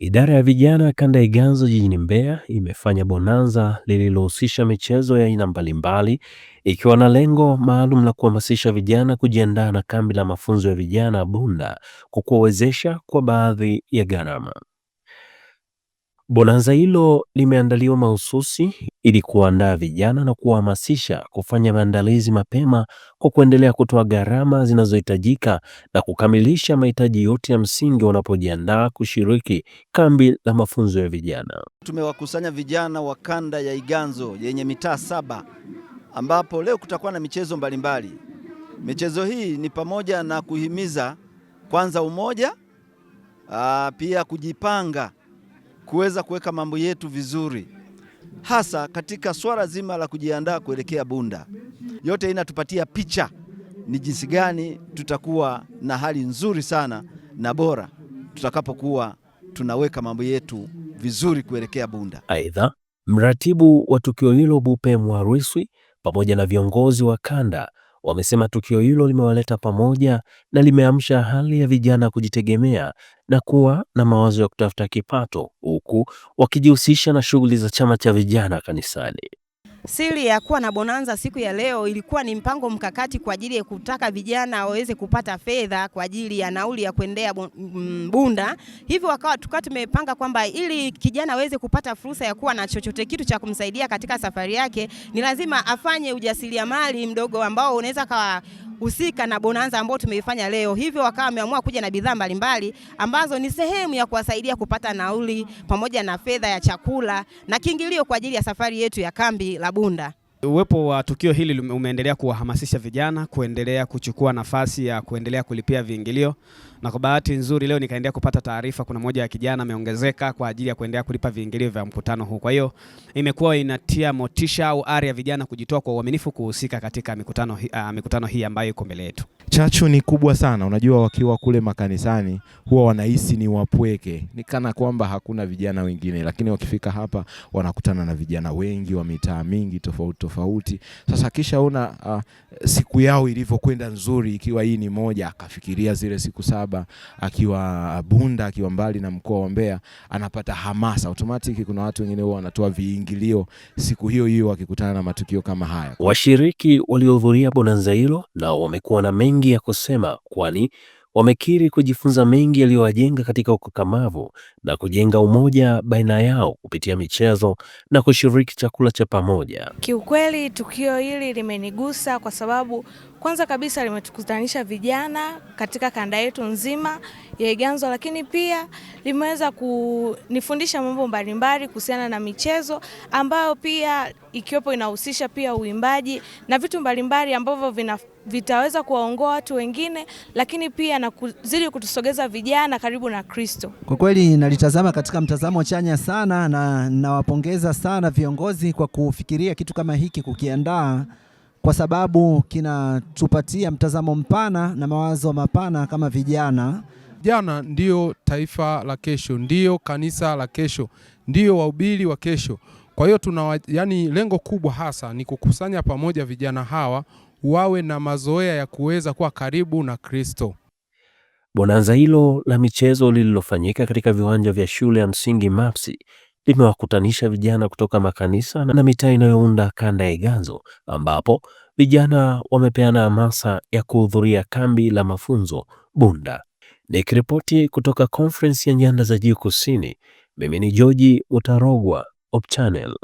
Idara ya vijana kanda ya Iganzo jijini Mbeya imefanya bonanza lililohusisha michezo ya aina mbalimbali ikiwa na lengo maalum la kuhamasisha vijana kujiandaa na kambi la mafunzo ya vijana Bunda kwa kuwawezesha kwa baadhi ya gharama. Bonanza hilo limeandaliwa mahususi ili kuandaa vijana na kuwahamasisha kufanya maandalizi mapema kwa kuendelea kutoa gharama zinazohitajika na kukamilisha mahitaji yote ya msingi wanapojiandaa kushiriki kambi la mafunzo ya vijana. Tumewakusanya vijana wa kanda ya Iganzo yenye mitaa saba ambapo leo kutakuwa na michezo mbalimbali. Michezo hii ni pamoja na kuhimiza kwanza umoja, aa, pia kujipanga kuweza kuweka mambo yetu vizuri, hasa katika swala zima la kujiandaa kuelekea Bunda. Yote inatupatia picha ni jinsi gani tutakuwa na hali nzuri sana na bora tutakapokuwa tunaweka mambo yetu vizuri kuelekea Bunda. Aidha, mratibu wa tukio hilo Bupe Mwarwiswi pamoja na viongozi wa kanda Wamesema tukio hilo limewaleta pamoja na limeamsha hali ya vijana kujitegemea na kuwa na mawazo ya kutafuta kipato huku wakijihusisha na shughuli za chama cha vijana kanisani. Siri ya kuwa na bonanza siku ya leo ilikuwa ni mpango mkakati kwa ajili ya kutaka vijana waweze kupata fedha kwa ajili ya nauli ya kuendea mm, Bunda. Hivyo wakawa tukawa tumepanga kwamba ili kijana aweze kupata fursa ya kuwa na chochote kitu cha kumsaidia katika safari yake, ni lazima afanye ujasiriamali mdogo ambao unaweza kawa husika na bonanza ambayo tumeifanya leo. Hivyo wakawa wameamua kuja na bidhaa mbalimbali ambazo ni sehemu ya kuwasaidia kupata nauli pamoja na fedha ya chakula na kiingilio kwa ajili ya safari yetu ya kambi la la Bunda. Uwepo wa tukio hili umeendelea kuwahamasisha vijana kuendelea kuchukua nafasi ya kuendelea kulipia viingilio, na kwa bahati nzuri leo nikaendelea kupata taarifa, kuna moja ya kijana ameongezeka kwa ajili ya kuendelea kulipa viingilio vya mkutano huu. Kwa hiyo imekuwa inatia motisha au ari ya vijana kujitoa kwa uaminifu kuhusika katika mikutano, uh, mikutano hii ambayo iko mbele yetu chachu ni kubwa sana. Unajua, wakiwa kule makanisani huwa wanahisi ni wapweke, ni kana kwamba hakuna vijana wengine, lakini wakifika hapa wanakutana na vijana wengi wa mitaa mingi tofauti tofauti. Sasa kisha una uh, siku yao ilivyokwenda nzuri, ikiwa hii ni moja, akafikiria zile siku saba akiwa Bunda, akiwa mbali na mkoa wa Mbeya, anapata hamasa automatic. Kuna watu wengine huwa wanatoa viingilio siku hiyo hiyo wakikutana na matukio kama haya. Washiriki waliohudhuria bonanza hilo nao wamekuwa na mengi mengi ya kusema, kwani wamekiri kujifunza mengi yaliyowajenga katika ukakamavu na kujenga umoja baina yao kupitia michezo na kushiriki chakula cha pamoja. Kiukweli tukio hili limenigusa kwa sababu kwanza kabisa limetukutanisha vijana katika kanda yetu nzima ya Iganzo, lakini pia limeweza kunifundisha mambo mbalimbali kuhusiana na michezo ambayo pia ikiwepo inahusisha pia uimbaji na vitu mbalimbali ambavyo vina vitaweza kuwaongoa watu wengine, lakini pia na kuzidi kutusogeza vijana karibu na Kristo. Kwa kweli nalitazama katika mtazamo chanya sana, na nawapongeza sana viongozi kwa kufikiria kitu kama hiki kukiandaa, kwa sababu kinatupatia mtazamo mpana na mawazo mapana kama vijana. Vijana ndio taifa la kesho, ndio kanisa la kesho, ndio wahubiri wa kesho. Kwa hiyo tuna yani, lengo kubwa hasa ni kukusanya pamoja vijana hawa wawe na mazoea ya kuweza kuwa karibu na Kristo. Bonanza hilo la michezo lililofanyika katika viwanja vya shule ya msingi Mapsi limewakutanisha vijana kutoka makanisa na mitaa inayounda kanda ya Iganzo, ambapo vijana wamepeana hamasa ya kuhudhuria kambi la mafunzo Bunda Nikiripoti kutoka Konferensi ya Nyanda za Juu Kusini, mimi ni George Mutarogwa, Opchannel.